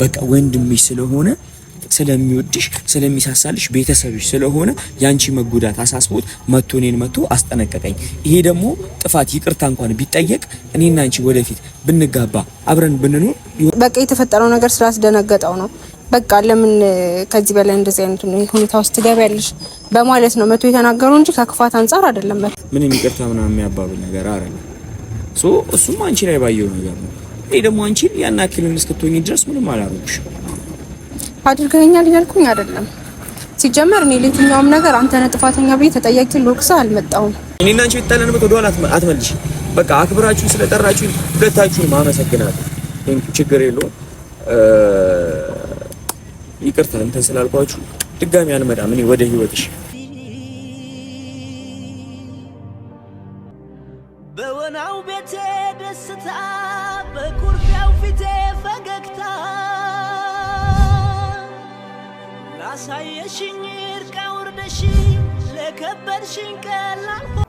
በቃ ወንድምሽ ስለሆነ ስለሚወድሽ ስለሚሳሳልሽ ቤተሰብሽ ስለሆነ ያንቺ መጎዳት አሳስቦት መቶ እኔን መቶ አስጠነቀቀኝ። ይሄ ደግሞ ጥፋት ይቅርታ እንኳን ቢጠየቅ እኔና አንቺ ወደፊት ብንጋባ አብረን ብንኖር በቃ የተፈጠረው ነገር ስላስደነገጠው ነው። በቃ ለምን ከዚህ በላይ እንደዚህ አይነት ሁኔታ ውስጥ ትገቢያለሽ በማለት ነው መቶ የተናገሩ እንጂ ከክፋት አንጻር አይደለም። ምንም ይቅርታ ምናምን የሚያባብል ነገር አይደለም። እሱም አንቺ ላይ ባየው ነገር ነው እኔ ደግሞ አንቺን ያን አኪልን እስክትሆኝ ድረስ ምንም አላረጉሽም። አድርገኛል እያልኩኝ አይደለም። ሲጀመር እኔ ለየትኛውም ነገር አንተ ነህ ጥፋተኛ ብዬ ተጠያቂ ልወቅስህ አልመጣሁም። እና አንቺ የተጣላንበት ወደኋላ አትመልሽ። በቃ አክብራችሁ ስለጠራችሁ ሁለታችሁንም አመሰግናለሁ። ችግር የለውም። ይቅርታ እንትን ስላልኳችሁ ድጋሚ አንመጣም። እኔ ወደ ህይወትሽ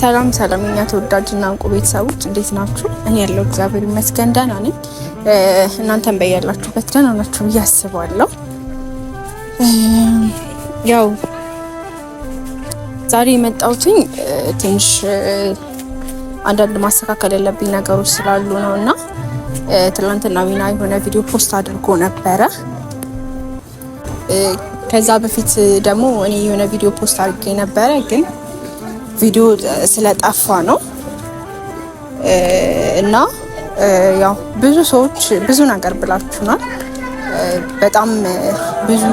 ሰላም ሰላም እኛ ተወዳጅና እንቁ ቤተሰቦች እንዴት ናችሁ? እኔ ያለው እግዚአብሔር ይመስገን ደህና ነኝ። እናንተም በያላችሁበት ደህና ናችሁ ብዬ አስባለሁ። ያው ዛሬ የመጣሁትኝ ትንሽ አንዳንድ ማስተካከል ያለብኝ ነገሮች ስላሉ ነው እና ትናንትና ዊና የሆነ ቪዲዮ ፖስት አድርጎ ነበረ። ከዛ በፊት ደግሞ እኔ የሆነ ቪዲዮ ፖስት አድርጌ ነበረ ግን ቪዲዮ ስለጠፋ ነው እና ያው ብዙ ሰዎች ብዙ ነገር ብላችሁናል። በጣም ብዙ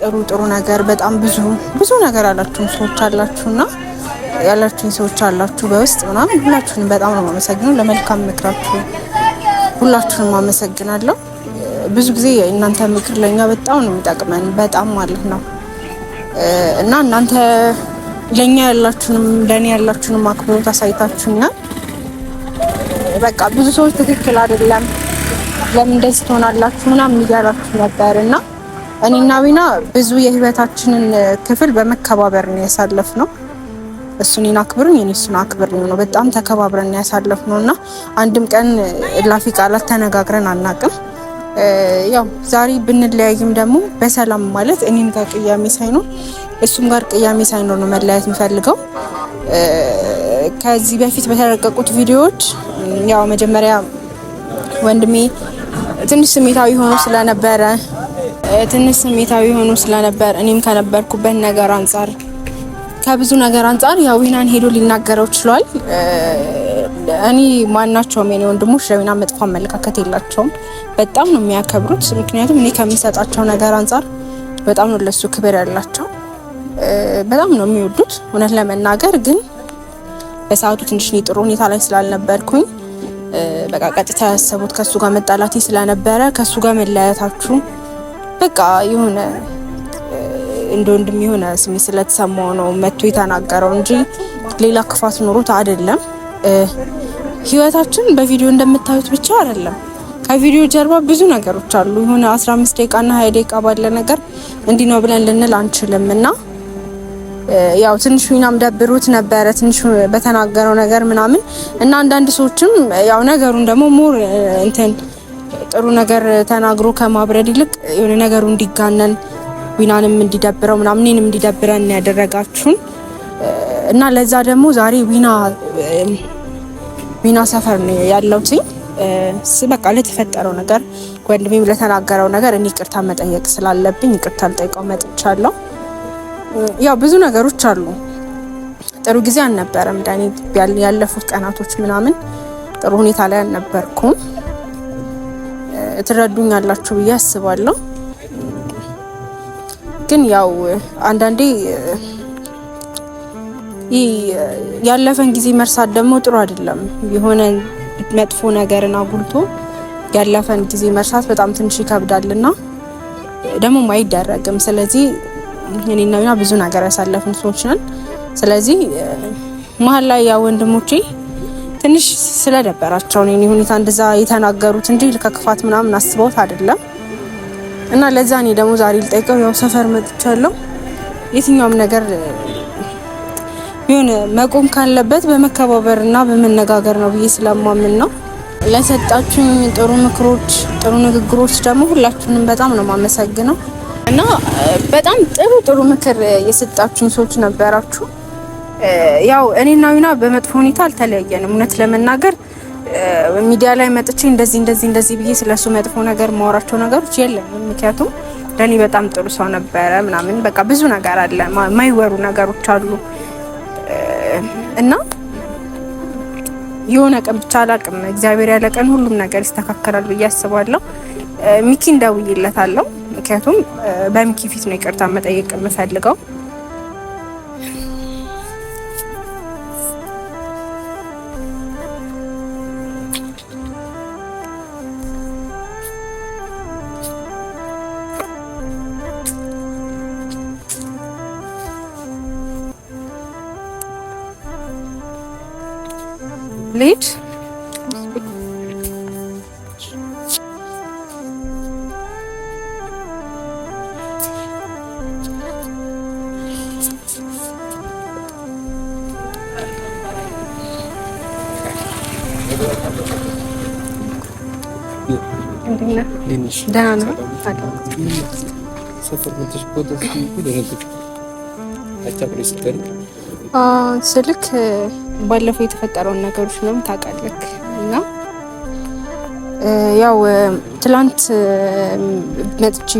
ጥሩ ጥሩ ነገር በጣም ብዙ ብዙ ነገር ያላችሁን ሰዎች አላችሁና ያላችሁኝ ሰዎች አላችሁ በውስጥ ምናምን ሁላችሁንም በጣም ነው ማመሰግነው። ለመልካም ምክራችሁ ሁላችሁንም አመሰግናለሁ። ብዙ ጊዜ እናንተ ምክር ለኛ በጣም ነው የሚጠቅመን በጣም ማለት ነው እና እናንተ ለእኛ ያላችሁንም ለእኔ ያላችሁንም አክብሮት አሳይታችሁኛል። በቃ ብዙ ሰዎች ትክክል አይደለም ለምን እንደዚህ ትሆናላችሁ ምናምን እያላችሁ ነበር እና እኔና ዊና ብዙ የህይወታችንን ክፍል በመከባበር ነው ያሳለፍ ነው። እሱን አክብሩኝ እኔ እሱን አክብር ነው። በጣም ተከባብረን ያሳለፍ ነው እና አንድም ቀን እላፊ ቃላት ተነጋግረን አናውቅም። ያው ዛሬ ብንለያይም ደግሞ በሰላም ማለት እኔም ጋር ቅያሜ ሳይኖር እሱም ጋር ቅያሜ ሳይኖር ነው መለያየት የምፈልገው። ከዚህ በፊት በተለቀቁት ቪዲዮዎች ያው መጀመሪያ ወንድሜ ትንሽ ስሜታዊ ሆኖ ስለነበረ ትንሽ ስሜታዊ ሆኖ ስለነበር እኔም ከነበርኩበት ነገር አንጻር ከብዙ ነገር አንጻር ያው ዊናን ሄዶ ሊናገረው ችሏል። እኔ ማናቸውም የኔ ወንድሞች ለዊና መጥፎ አመለካከት የላቸውም። በጣም ነው የሚያከብሩት። ምክንያቱም እኔ ከሚሰጣቸው ነገር አንጻር በጣም ነው ለሱ ክብር ያላቸው። በጣም ነው የሚወዱት። እውነት ለመናገር ግን በሰዓቱ ትንሽ እኔ ጥሩ ሁኔታ ላይ ስላልነበርኩኝ በቃ ቀጥታ ያሰቡት ከእሱ ጋር መጣላቴ ስለነበረ ከእሱ ጋር መለያየታችሁ በቃ የሆነ እንደ ወንድም የሆነ ስሜት ስለተሰማው ነው መቶ የተናገረው እንጂ ሌላ ክፋት ኑሮት አይደለም። ህይወታችን በቪዲዮ እንደምታዩት ብቻ አይደለም። ከቪዲዮ ጀርባ ብዙ ነገሮች አሉ። የሆነ 15 እና 20 ደቂቃ ባለ ነገር እንዲህ ነው ብለን ልንል አንችልም እና ያው ትንሽ ዊናም ደብሩት ነበረ ትንሽ በተናገረው ነገር ምናምን እና አንዳንድ ሰዎችም ያው ነገሩን ደግሞ ሞር እንትን ጥሩ ነገር ተናግሮ ከማብረድ ይልቅ የሆነ ነገሩ እንዲጋነን ዊናንም እንዲደብረው ምናምን እኔንም እንዲደብረን ያደረጋችሁን እና ለዛ ደግሞ ዛሬ ዊና ዊና ሰፈር ነው ያለሁትኝ። በቃ ለተፈጠረው ነገር ወንድሜም ለተናገረው ነገር እኔ ይቅርታ መጠየቅ ስላለብኝ ይቅርታ ልጠይቀው መጥቻለሁ። ያው ብዙ ነገሮች አሉ። ጥሩ ጊዜ አልነበረም ዳኒ። ያለፉት ቀናቶች ምናምን ጥሩ ሁኔታ ላይ አልነበርኩም። ትረዱኛላችሁ ብዬ አስባለሁ። ግን ያው አንዳንዴ ያለፈን ጊዜ መርሳት ደግሞ ጥሩ አይደለም። የሆነ መጥፎ ነገርን አጉልቶ ያለፈን ጊዜ መርሳት በጣም ትንሽ ይከብዳልና ደግሞ አይደረግም። ስለዚህ እኔና ቢና ብዙ ነገር ያሳለፍን ሰዎች ነን። ስለዚህ መሀል ላይ ያ ወንድሞቼ ትንሽ ስለደበራቸው ነው ሁኔታ እንደዛ የተናገሩት እንጂ ከክፋት ምናምን አስበውት አይደለም። እና ለዛ እኔ ደግሞ ዛሬ ልጠይቀው ያው ሰፈር መጥቻለሁ የትኛውም ነገር የሆነ መቆም ካለበት በመከባበርና በመነጋገር ነው ብዬ ስለማምን ነው። ለሰጣችሁኝ ጥሩ ምክሮች፣ ጥሩ ንግግሮች ደግሞ ሁላችሁንም በጣም ነው የማመሰግነው እና በጣም ጥሩ ጥሩ ምክር የሰጣችሁኝ ሰዎች ነበራችሁ። ያው እኔና ዊና በመጥፎ ሁኔታ አልተለያየንም። እውነት ለመናገር ሚዲያ ላይ መጥቼ እንደዚህ እንደዚህ እንደዚህ ብዬ ስለሱ መጥፎ ነገር ማወራቸው ነገሮች የለም። ምክንያቱም ለእኔ በጣም ጥሩ ሰው ነበረ ምናምን በቃ ብዙ ነገር አለ፣ ማይወሩ ነገሮች አሉ እና የሆነ ቀን ብቻ አላቅም፣ እግዚአብሔር ያለ ቀን ሁሉም ነገር ይስተካከላል ብዬ አስባለሁ። ሚኪ እንደውይለታለሁ፣ ምክንያቱም በሚኪ ፊት ነው ይቅርታ መጠየቅ የምፈልገው። ልሂድ። ደህና ነው። ሰፈር መተሽ ቦታ ስልክ ባለፈው የተፈጠረውን ነገሮች ምናምን ታውቃለህ እና ያው ትላንት መጥቼ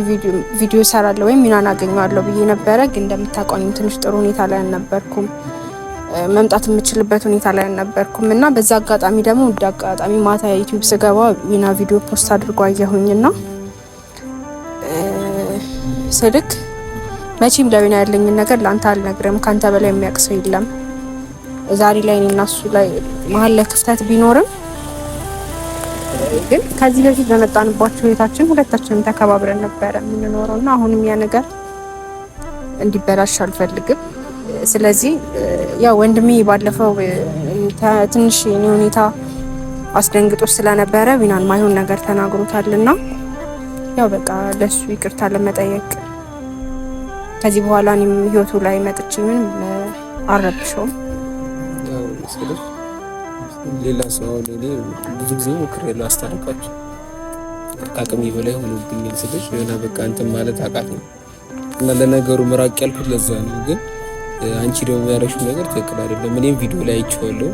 ቪዲዮ እሰራለሁ ወይም ሚናን አገኘዋለሁ ብዬ ነበረ። ግን እንደምታውቀኝ ትንሽ ጥሩ ሁኔታ ላይ አልነበርኩም፣ መምጣት የምችልበት ሁኔታ ላይ አልነበርኩም እና በዛ አጋጣሚ ደግሞ ውድ አጋጣሚ ማታ ዩቲዩብ ስገባ ሚና ቪዲዮ ፖስት አድርጎ አየሁኝና ስልክ መቼም ለቢና ያለኝን ነገር ለአንተ አልነግርም። ከአንተ በላይ የሚያውቅ የለም። ዛሬ ላይ እኔ እሱ ላይ መሀል ላይ ክፍተት ቢኖርም ግን ከዚህ በፊት በመጣንባቸው ሁኔታችን ሁለታችንም ተከባብረን ነበረ የምንኖረው እና አሁንም ያ ነገር እንዲበላሽ አልፈልግም። ስለዚህ ያው ወንድሜ ባለፈው ትንሽ የኔ ሁኔታ አስደንግጦ ስለነበረ ቢናን ማይሆን ነገር ተናግሮታልና ያው በቃ ለሱ ይቅርታ ለመጠየቅ ከዚህ በኋላ እኔም ህይወቱ ላይ መጥቼ ምንም አልረብሸውም። ሌላ ሰው እኔ ብዙ ጊዜ ሞክሬያለሁ አስታርቃቸው ከአቅሜ በላይ ሆኖብኝ ስልሽ የሆነ በቃ እንትን ማለት አቃት ነው እና ለነገሩ ምራቅ ያልኩት ለዛ ነው። ግን አንቺ ደግሞ ያደረግሽው ነገር ትክክል አይደለም። እኔም ቪዲዮ ላይ አይቼዋለሁ፣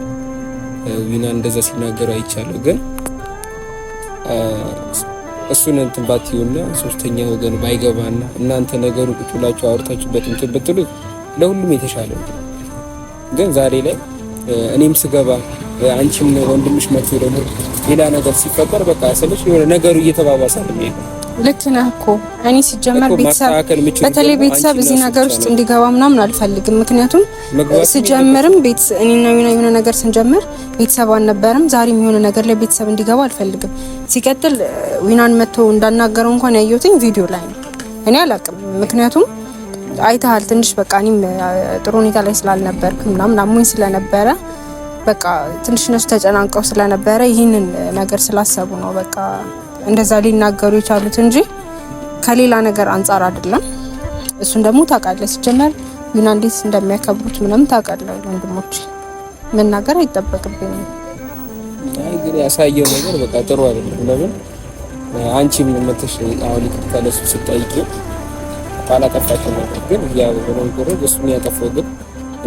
ዊና እንደዛ ሲናገሩ አይቻለሁ ግን እሱን እንትን ባትዩና ሶስተኛ ወገን ባይገባና እናንተ ነገሩ ቁጭ ብላችሁ አውርታችሁበት እንትን ብትሉት ለሁሉም የተሻለ ግን ዛሬ ላይ እኔም ስገባ አንቺም ወንድምሽ መጥቶ ደግሞ ሌላ ነገር ሲፈጠር በቃ ስለች የሆነ ነገሩ እየተባባሰ ነው የሚሄደው። ልክ ነህ እኮ እኔ ሲጀመር ቤተሰብ በተለይ ቤተሰብ እዚህ ነገር ውስጥ እንዲገባ ምናምን አልፈልግም። ምክንያቱም ስጀምርም እኔና የሆነ ነገር ስንጀምር ቤተሰብ አልነበርም። ዛሬም የሆነ ነገር ላይ ቤተሰብ እንዲገባ አልፈልግም። ሲቀጥል ዊናን መጥቶ እንዳናገረው እንኳን ያየሁትኝ ቪዲዮ ላይ ነው። እኔ አላቅም፣ ምክንያቱም አይተሃል። ትንሽ በቃ እኔም ጥሩ ሁኔታ ላይ ስላልነበርኩ ምናምን አሞኝ ስለነበረ በቃ ትንሽ እነሱ ተጨናንቀው ስለነበረ ይህንን ነገር ስላሰቡ ነው በቃ እንደዛ ሊናገሩ የቻሉት እንጂ ከሌላ ነገር አንጻር አይደለም። እሱን ደግሞ ታውቃለህ። ሲጀመር ዩና እንዴት እንደሚያከብሩት ምንም ታውቃለህ። ወንድሞች መናገር አይጠበቅብኝም። ግን ያሳየው ነገር በቃ ጥሩ አይደለም። ለምን አንቺ ምን መተሽ አሁን ከተለሱ ለሱ ስጠይቂ ባላጠፋችው ነገር ግን ያው ወንጀል እሱ ያጠፋው ግን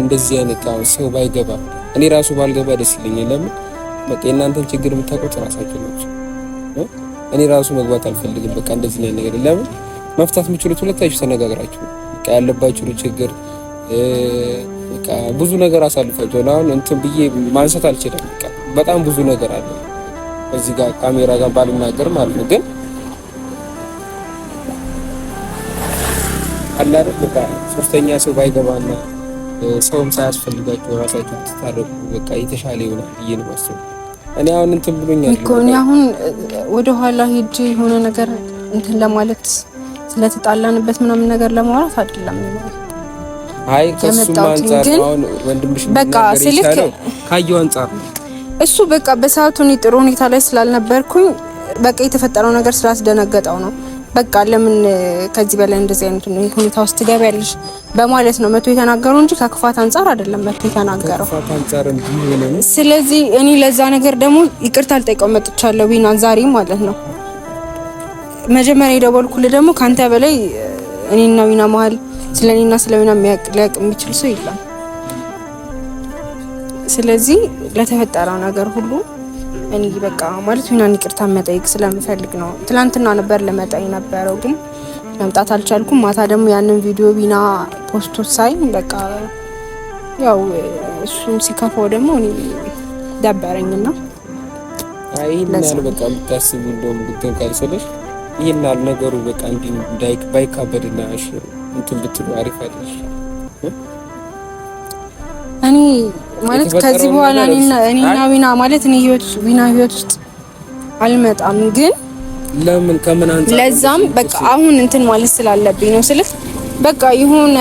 እንደዚህ አይነት አሁን ሰው ባይገባ እኔ ራሱ ባልገባ ደስ ይለኛል። ለምን በቃ የእናንተን ችግር የምታውቁት ራሳችሁ ናቸው። እኔ ራሱ መግባት አልፈልግም። በቃ እንደዚህ ነው ነገር ለምን መፍታት የምችሉት ሁለታችሁ ተነጋግራችሁ በቃ ያለባችሁን ችግር በቃ ብዙ ነገር አሳልፋችሁ አሁን እንትን ብዬ ማንሳት አልችልም። በቃ በጣም ብዙ ነገር አለ እዚህ ጋር ካሜራ ጋር ባልናገር ማለት ነው ግን አለ አይደል በቃ ሶስተኛ ሰው ባይገባና ሰውም ሳያስፈልጋቸው ራሳቸው ትታረቁ በቃ የተሻለ ይሆናል ብዬ ነው የማስበው። እኔ አሁን እንትን ብሎኛል እኮ እኔ አሁን ወደ ኋላ ሄጄ የሆነ ነገር እንትን ለማለት ስለተጣላንበት ምናምን ነገር ለማውራት አይደለም። አይ ከሱ አንጻር አሁን ወንድምሽ በቃ ስልክ ካየው አንጻር እሱ በቃ በሰዓቱ እኔ ጥሩ ሁኔታ ላይ ስላልነበርኩኝ በቃ የተፈጠረው ነገር ስላስደነገጠው ነው። በቃ ለምን ከዚህ በላይ እንደዚህ አይነት ሁኔታ ውስጥ ትገቢያለሽ በማለት ነው መቶ የተናገረው እንጂ ከክፋት አንጻር አይደለም መቶ የተናገረው። ስለዚህ እኔ ለዛ ነገር ደግሞ ይቅርታ አልጠይቀው መጥቻለሁ ቢና ዛሬ ማለት ነው። መጀመሪያ የደወልኩልህ ደግሞ ከአንተ በላይ እኔና ዊና መሀል ስለ እኔና ስለ ዊና ሊያውቅ የሚችል ሰው የለም። ስለዚህ ለተፈጠረው ነገር ሁሉ እኔ በቃ ማለት ዊናን ይቅርታ መጠየቅ ስለምፈልግ ነው። ትላንትና ነበር ልመጣ የነበረው ግን መምጣት አልቻልኩም። ማታ ደግሞ ያንን ቪዲዮ ቢና ፖስቶች ሳይ በቃ ያው እሱም ሲከፋው ደግሞ እኔ ደበረኝ እና ይህን በቃ ብታስቢ እንደውም ብትን ካልሰለሽ ይህን ያህል ነገሩ በቃ እንዲህ ባይካበድና እንትን ብትሉ አሪፍ አይደለሽ ማለት ከዚህ በኋላ እኔና ዊና ማለት እኔ ህይወት ውስጥ ዊና ህይወት ውስጥ አልመጣም። ግን ለምን ከምን አንተ ለዛም በቃ አሁን እንትን ማለት ስላለብኝ ነው ስልክ በቃ ይሁን።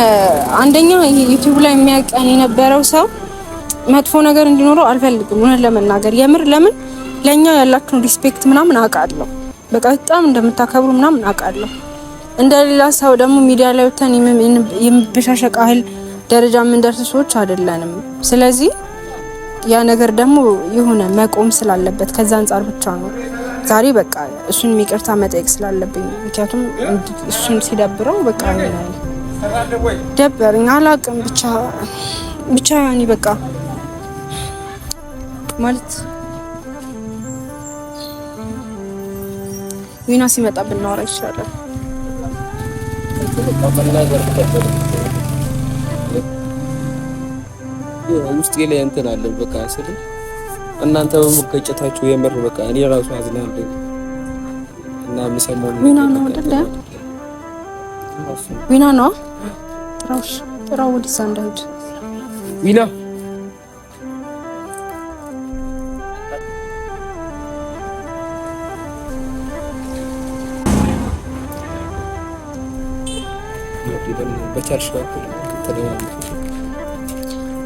አንደኛ ዩቲዩብ ላይ የሚያቀን የነበረው ሰው መጥፎ ነገር እንዲኖረው አልፈልግም። እውነት ለመናገር የምር ለምን ለኛ ያላችሁን ሪስፔክት ምናምን አውቃለሁ። በቃ በጣም እንደምታከብሩ ምናምን አውቃለሁ። እንደሌላ ሰው ደግሞ ሚዲያ ላይ ወተን የምብሻሸቅ ደረጃ የምንደርስ ሰዎች አይደለንም። ስለዚህ ያ ነገር ደግሞ የሆነ መቆም ስላለበት ከዛ አንጻር ብቻ ነው ዛሬ በቃ እሱን ይቅርታ መጠየቅ ስላለብኝ፣ ምክንያቱም እሱም ሲደብረው በቃ ደበረኝ አላቅም ብቻ ብቻ ያኔ በቃ ማለት ዊና ሲመጣ ብናወራ ይችላለን። ውስጤ ላይ እንትን አለ በቃ ስለ እናንተ በመገጨታችሁ የምር በቃ እኔ ራሱ አዝናለሁ እና የምሰማው ዊና ነው አይደለ? ዊና ነው ጥራውሽ፣ ጥራው ወደዛ እንዳይሄድ ዊና በቻልሽ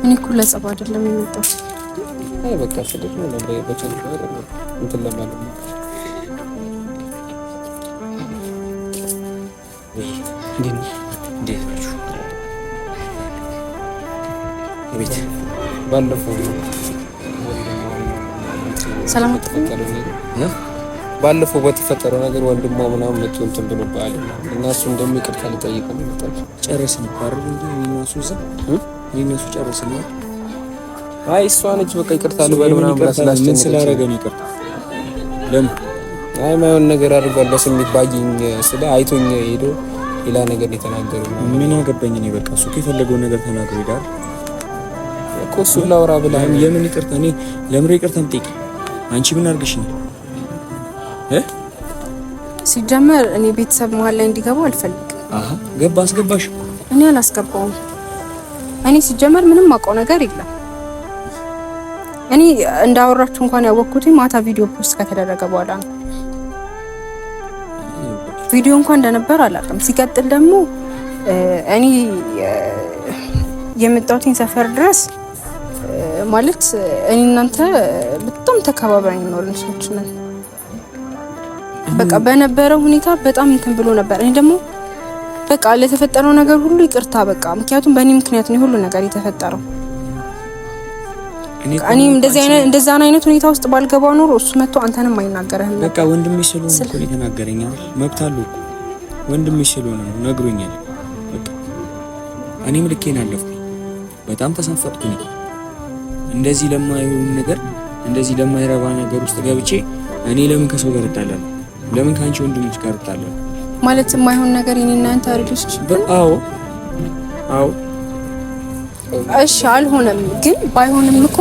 እኔ እኮ ለጸብ አይደለም የመጣሁት። አይ በቃ ስልክ ነው ለምሬ በቸልታ አይደለም እንትን ለማለት ነው። ቤት ባለፈው ሰላም ባለፈው በተፈጠረው ነገር ወንድሟ ምናምን መጥቶ እንትን ብሎ በአል እና እሱ እንደሚቅርታ ልጠይቅ ነው ጨረስ ነበር ጨርስ ነው። አይ እሷ ነች በቃ ይቅርታ ልበል ምናምን ስላደረገ ነው ይቅርታ ለምን አይ ማይሆን ነገር አድርጓል በስሜት ባየኝ ስለ አይቶኝ ሄዶ ሌላ ነገር የተናገረው ምን አገባኝ እኔ በቃ እሱ የፈለገውን ነገር ተናግሮ ሄዳል እኮ እሱ ላውራ ብላ የምን ይቅርታ እኔ ለምሬ ይቅርታን ጠይቂ አንቺ ምን አድርግሽ ነው እ ሲጀመር እኔ ቤተሰብ መሀል ላይ እንዲገባ አልፈልግም አሀ ገባ አስገባሽ እኔ አላስገባውም እኔ ሲጀመር ምንም አውቀው ነገር የለም። እኔ እንዳወራችሁ እንኳን ያወቅኩት ማታ ቪዲዮ ፖስት ከተደረገ በኋላ ነው። ቪዲዮ እንኳን እንደነበር አላውቅም። ሲቀጥል ደግሞ እኔ የመጣሁትን ሰፈር ድረስ ማለት እኔ እናንተ በጣም ተከባብረን የኖርን ሰዎች ነን። በቃ በነበረው ሁኔታ በጣም እንትን ብሎ ነበር። እኔ ደግሞ በቃ ለተፈጠረው ነገር ሁሉ ይቅርታ በቃ ምክንያቱም በእኔ ምክንያት ነው ሁሉ ነገር የተፈጠረው። እኔ እንደዚህ አይነት እንደዛ አይነት ሁኔታ ውስጥ ባልገባ ኖሮ እሱ መጥቶ አንተንም አይናገርህም። በቃ ወንድሜ ስለሆነ እኮ የተናገረኝ መብት አለው እኮ ወንድሜ ስለሆነ ነው ነግሮኛል። በቃ እኔም ልኬን አለፍኩኝ። በጣም ተሰንፈጥኩኝ። እንደዚህ ለማይሆን ነገር እንደዚህ ለማይረባ ነገር ውስጥ ገብቼ እኔ ለምን ከሰው ጋር እጣላለሁ? ለምን ከአንቺ ወንድሞች ጋር እጣላለሁ? ማለት የማይሆን ነገር የኔ እናንተ ሪሌሽንሽፕ አዎ አዎ እሺ አልሆነም። ግን ባይሆንም እኮ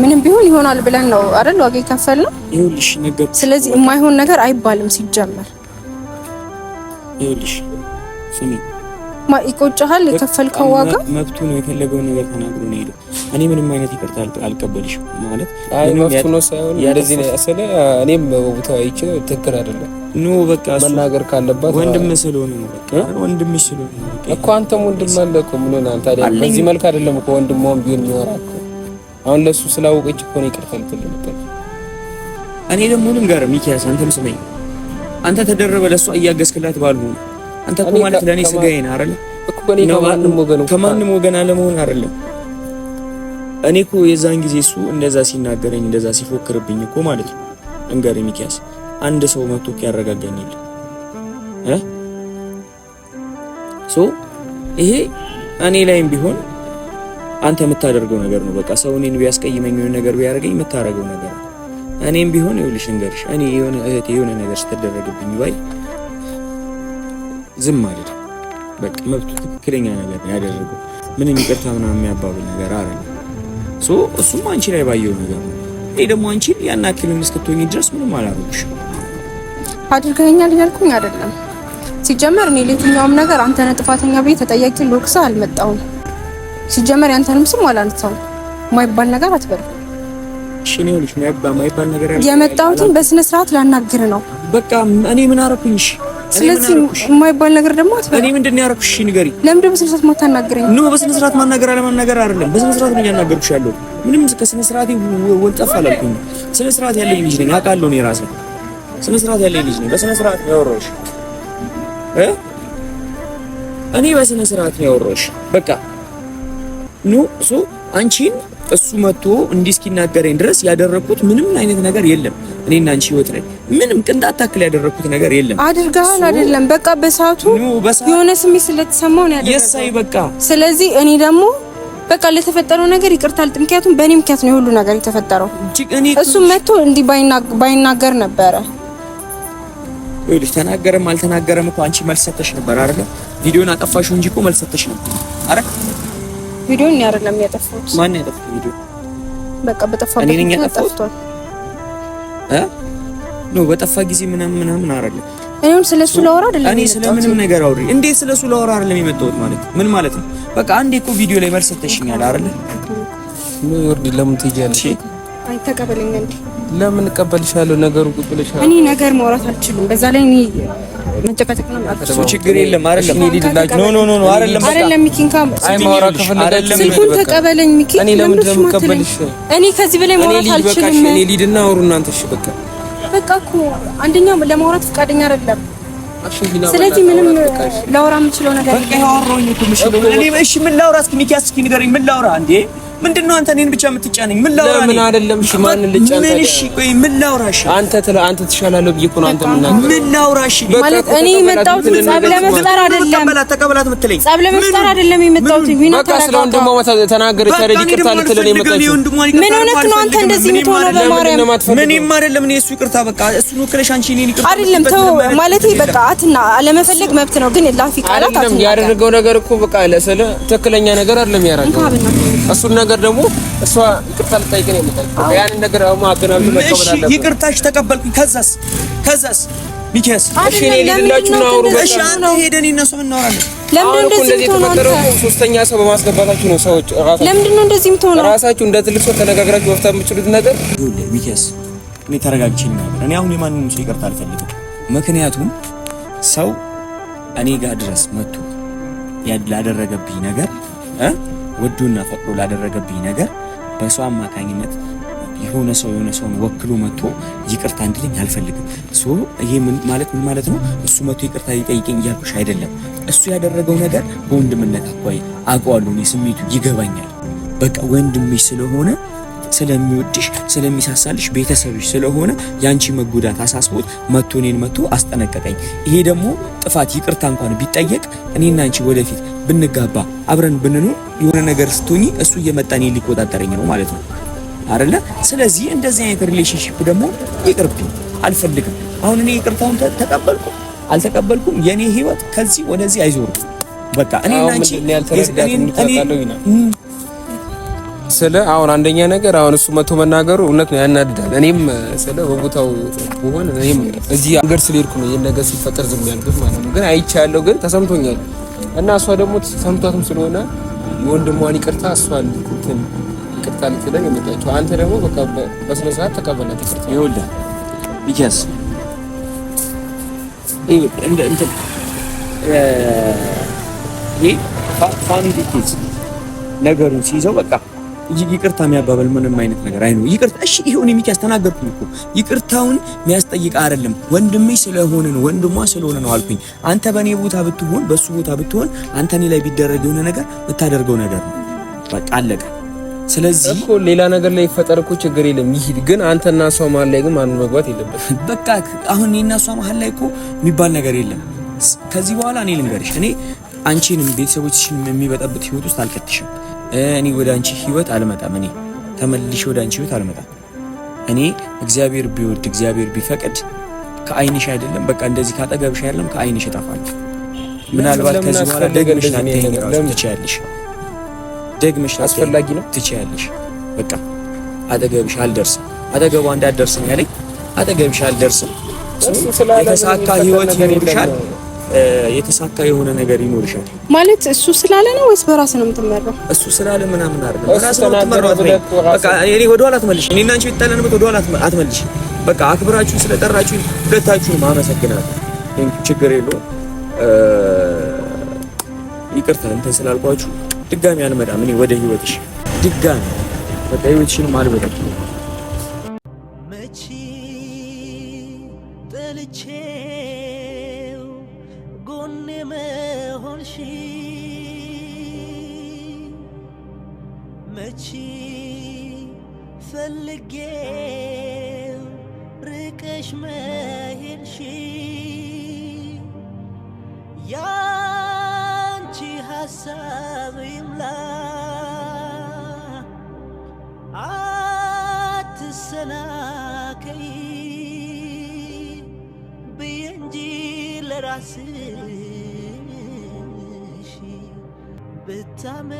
ምንም ቢሆን ይሆናል ብለን ነው አይደል ዋጋ የከፈልነው። ይኸውልሽ ነገር ስለዚህ የማይሆን ነገር አይባልም ሲጀመር። ይኸውልሽ ስሚ ይቆጫሃል። የከፈልከው ዋጋ መብቱ ነው። የፈለገው ነገር ተናግሮ ነው ሄደው። እኔ ምንም አይነት ይቅርታ አልቀበልሽ ማለት መብቱ ነው ሳይሆን እንደዚህ ነው ያሰለ። እኔም በቦታው አይቼ ትክክል አይደለም ኑ በቃ መናገር ካለባት ወንድም ስለሆነ ነው። በቃ ወንድም ስለሆነ ነው እኮ አንተም ወንድም አለ እኮ ምን ሆነ አይደል? በዚህ መልክ አይደለም እኮ ወንድም ወን ቢሆን ይወራ እኮ አሁን ለሱ ስላወቀች እኮ ነው ይቅርታ ልትልም እኔ ደግሞ ልንገርህ፣ ሚኪያስ አንተም ስመኝ አንተ ተደረበ ለእሷ እያገዝክላት ባልሆነ አንተ እኮ ማለት ለእኔ ስጋዬ ነህ አይደል? ከማንም ወገን አለመሆን አይደለም። እኔ እኮ የዛን ጊዜ እሱ እንደዛ ሲናገረኝ እንደዛ ሲፎክርብኝ እኮ ማለት ነው እንገር ሚኪያስ አንድ ሰው መጥቶ ያረጋጋኛል እ ሶ ይሄ እኔ ላይም ቢሆን አንተ የምታደርገው ነገር ነው። በቃ ሰው እኔን ቢያስቀይመኝ የሆነ ነገር ቢያደርገኝ የምታደርገው ነገር ነው። እኔም ቢሆን ይኸውልሽ እንገርሽ እኔ የሆነ እህቴ የሆነ ነገር ስትደረግብኝ ባይ ዝም አለ። በቃ መብቱ ትክክለኛ ነገር ያደረገው ምንም ይቅርታ ምናምን የሚያባብል ነገር አይደለም። እሱም አንቺ ላይ ባየው ነገር ነው። እኔ ደግሞ አንቺን ያን አክልን እስክትሆኝ ድረስ ምንም አላደረግሽም። አድርገኸኛል እያልኩኝ አይደለም። ሲጀመር እኔ ለየትኛውም ነገር አንተ ነህ ጥፋተኛ ብዬ ተጠያቂ ልወቅስ አልመጣሁም። ሲጀመር ያንተንም ስም አላነሳሁም። ማይባል ነገር አትበል። ሽኔ ልጅ ማይባል ነገር የመጣሁትን በስነ ስርዓት ላናግር ነው። በቃ እኔ ምን አረኩኝሽ? ስለዚህ የማይባል ነገር ደግሞ አትበል። እኔ ምንድን ነው ያደረኩሽ? እሺ ንገሪኝ። ለምንድን ነው በስነ ስርዓት ማታናገረኝ? ኖ በስነ ስርዓት ማናገር አለማናገር አይደለም፣ በስነ ስርዓት ነው ያናገርኩሽ ያለው። ምንም ከስነ ስርዓት ወልጠፍ አላልኩኝ። ስነ ስርዓት ያለኝ ልጅ ነኝ አውቃለሁ። እኔ ራሴ ስነ ስርዓት ያለኝ ልጅ ነኝ። በስነ ስርዓት ነው ያወራሁሽ እ እኔ በስነ ስርዓት ነው ያወራሁሽ። በቃ ኑ ሱ አንቺን እሱ መጥቶ እንዲህ እስኪናገረኝ ድረስ ያደረኩት ምንም አይነት ነገር የለም። እኔና አንቺ ህይወት ላይ ምንም ቅንጣት ታክል ያደረኩት ነገር የለም። አድርጋል አይደለም በቃ በሰዓቱ የሆነ ስሜት ስለተሰማው ነው ያደረኩት። የሳይ በቃ ስለዚህ እኔ ደግሞ በቃ ለተፈጠረው ነገር ይቅርታል። አልጥ ምክንያቱም በእኔ ምክንያት ነው የሁሉ ነገር የተፈጠረው። እሱ መጥቶ እንዲህ ባይናገር ነበረ ይኸውልሽ ተናገረም አልተናገረም እኮ አንቺ መልሰተሽ ነበር አይደል? ቪዲዮን አጠፋሽው እንጂ እኮ መልሰተሽ ነበር አይደል? ቪዲዮን እኔ አይደለም ያጠፋሁት። ማን ያጠፋው ቪዲዮ? በቃ በጠፋበት እኔ ነኝ ያጠፋሁት እ ኖ በጠፋ ጊዜ ምናምን ምናምን አይደለም። እኔም ስለሱ ላወራ አይደለም። እኔ ስለምንም ነገር አውሪ እንዴ ስለሱ ላወራ አይደለም የመጣሁት። ማለት ምን ማለት ነው? በቃ አንዴ እኮ ቪዲዮ ላይ መልስ ሰጥተሽኛል አይደለ? ወርድ ለምን ትሄጃለሽ? አይተቀበለኝ እንዴ? ለምን እቀበልሻለሁ? ነገሩ ቁጭ ብለሻል። እኔ ነገር ማውራት አልችልም። በዛ ላይ እኔ ነው ችግር የለም ኖ ኖ ኖ አይ ተቀበለኝ። ለምን ከዚህ በላይ ማውራት አልችልም። ሊድና እሺ በቃ በቃ እኮ አንደኛ ለማውራት ፈቃደኛ አይደለም። ስለዚህ ምንም ላውራ የምችለው ነገር በቃ እሺ ምን ላውራ? እስኪ ሚኪ እስኪ ንገረኝ ምን ላውራ እንዴ? ምንድነው አንተ እኔን ብቻ የምትጫነኝ? ምን ላውራ ነው? ምን አይደለም። እሺ ማን ልጫን? ምን እሺ፣ ቆይ ምን ላውራ? እሺ አንተ ትላ አንተ ትሻላለህ ብዬሽ እኮ ነው። አንተ ምን ናገር? ምን ላውራ? እሺ ማለት እኔ የመጣሁት ጸብ ለመፍጠር አይደለም። ተቀበላት ተቀበላት የምትለኝ ጸብ ለመፍጠር አይደለም የመጣሁት። ዊና በቃ ስለ ወንድሟ ተናገረች አይደል? ይቅርታ ልትለኝ የመጣችው ምን ሆነህ ነው አንተ እንደዚህ የምትሆነው? በማርያም ምንም አይደለም። እኔ እሱ ይቅርታ በቃ እሱን ወክለሽ አንቺ እኔን ይቅርታ አይደለም። ተው በቃ አትና አለመፈለግ መብት ነው፣ ግን ላፊ ቃላት አትናገር። ያደረገው ነገር እኮ በቃ ስለ ትክክለኛ ነገር አይደለም ያደረገው እሱን ነገር ደግሞ እሷ ይቅርታ ልጠይቅ ነው የምጠይቀው። ያንን ነገር ማገናዘብ መቀበል አለብን። ይቅርታሽ ተቀበልኩኝ። ከዛስ ከዛስ ሚኪያስ እሺ፣ እኔ ልላችሁ ነው አውሩ። እሺ፣ አንተ ሄደን እነሱ እናወራለን። ለምን እንደዚህ ተፈጠረው? ሶስተኛ ሰው በማስገባታችሁ ነው። ሰዎች ራሳችሁ ለምንድን ነው እንደዚህ የምትሆነው? ራሳችሁ እንደ ትልቅ ሰው ተነጋግራችሁ መፍታት የምችሉት ነገር ይሁን። ሚኪያስ እኔ ተረጋግቼ ነበር። እኔ አሁን የማንንም ሰው ይቅርታ አልፈልግም። ምክንያቱም ሰው እኔ ጋር ድረስ መጥቶ ያላደረገብኝ ነገር እ ወዶና ፈቅዶ ላደረገብኝ ነገር በሰው አማካኝነት የሆነ ሰው የሆነ ሰውን ወክሎ መጥቶ ይቅርታ እንድልኝ አልፈልግም። ይሄ ማለት ምን ማለት ነው? እሱ መጥቶ ይቅርታ ሊጠይቀኝ እያልኩሽ አይደለም። እሱ ያደረገው ነገር በወንድምነት አኳይ አውቀዋለሁ። እኔ ስሜቱ ይገባኛል። በቃ ወንድምሽ ስለሆነ ስለሚወድሽ ስለሚሳሳልሽ ቤተሰብሽ ስለሆነ ያንቺ መጎዳት አሳስቦት መቶ እኔን መቶ አስጠነቀቀኝ። ይሄ ደግሞ ጥፋት ይቅርታ እንኳን ቢጠየቅ እኔና አንቺ ወደፊት ብንጋባ አብረን ብንኖር የሆነ ነገር ስትሆኚ እሱ እየመጣ እኔን ሊቆጣጠረኝ ነው ማለት ነው አይደለ? ስለዚህ እንደዚህ አይነት ሪሌሽንሽፕ ደግሞ ይቅርብኝ፣ አልፈልግም። አሁን እኔ ይቅርታውን ተቀበልኩ አልተቀበልኩም፣ የኔ ህይወት ከዚህ ወደዚህ አይዞርም። በቃ እኔ እና አንቺ ስለ አሁን አንደኛ ነገር አሁን እሱ መቶ መናገሩ እውነት ነው ያናድዳል። እኔም ስለ በቦታው ብሆን እኔም እዚህ ሀገር ስለሄድኩ ነው ይህን ነገር ሲፈጠር ዝም ያልኩት ማለት ነው። ግን አይቻለሁ፣ ግን ተሰምቶኛል እና እሷ ደግሞ ሰምቷትም ስለሆነ የወንድሟን ይቅርታ እሷን እንትን ይቅርታ ልትለን የመጣችው አንተ ደግሞ በቃ በስነ ስርዓት ተቀበላት። ይቅርታ ይኸውልህ ቢካስ ይሄ ፋሚሊ ኬዝ ነገሩን ሲይዘው በቃ ይቅርታ የሚያባበል ምንም አይነት ነገር አይ ነው ይቅርታ እሺ፣ ይሁን የሚኪ ያስተናገርኩኝ እኮ ይቅርታውን የሚያስጠይቅ አይደለም። ወንድሜ ስለሆነ ነው፣ ወንድሟ ስለሆነ ነው አልኩኝ። አንተ በእኔ ቦታ ብትሆን፣ በሱ ቦታ ብትሆን፣ አንተ እኔ ላይ ቢደረግ የሆነ ነገር ብታደርገው ነገር ነው። በቃ አለቀ። ስለዚህ እኮ ሌላ ነገር ላይ ይፈጠር እኮ ችግር የለም ይሂድ፣ ግን አንተና እሷ መሀል ላይ ግን ማንም መግባት የለበትም። በቃ አሁን እኔና እሷ መሀል ላይ እኮ የሚባል ነገር የለም። ከዚህ በኋላ እኔ ልንገርሽ፣ እኔ አንቺንም ቤተሰቦችሽን የሚበጠብጥ ህይወት ውስጥ አልከትሽም። እኔ ወደ አንቺ ህይወት አልመጣም። እኔ ተመልሼ ወደ አንቺ ህይወት አልመጣም። እኔ እግዚአብሔር ቢወድ እግዚአብሔር ቢፈቅድ ከአይንሽ አይደለም በቃ እንደዚህ ካጠገብሽ አይደለም ከአይንሽ እጠፋለሁ። ምናልባት ከዚህ በኋላ ደግመሽ ላትይኝ ራሱ ትችያለሽ። ደግመሽ አስፈላጊ ነው ትችያለሽ። በቃ አጠገብሽ አልደርስም። አጠገቧ እንዳትደርስም ያለኝ አጠገብሽ አልደርስም። የተሳካ ህይወት ይኖርሻል የተሳካ የሆነ ነገር ይኖርሻል ማለት እሱ ስላለ ነው ወይስ በራስ ነው የምትመራው? እሱ ስላለ ምናምን አይደለም። በራስ ነው የምትመራው። በቃ እኔ ወደ ወደኋላ አትመልሽ። እኔ እና አንቺ ወደ ወደኋላ አትመልሽ። በቃ አክብራችሁን ስለጠራችሁኝ ሁለታችሁንም አመሰግናለሁ። ችግር የለውም። ይቅርታ እንትን ስላልኳችሁ ድጋሚ አልመጣም። እኔ ወደ ህይወትሽ ድጋሚ በቃ ህይወትሽንም አልመጣም። መቼ ጠልቼ ጎኔ መሆንሽ መቼ ፈልጌው ርቀሽ መሄድሽ ያንቺ ሀሳብ ይምላ አትሰና ለራስሽ ብታመ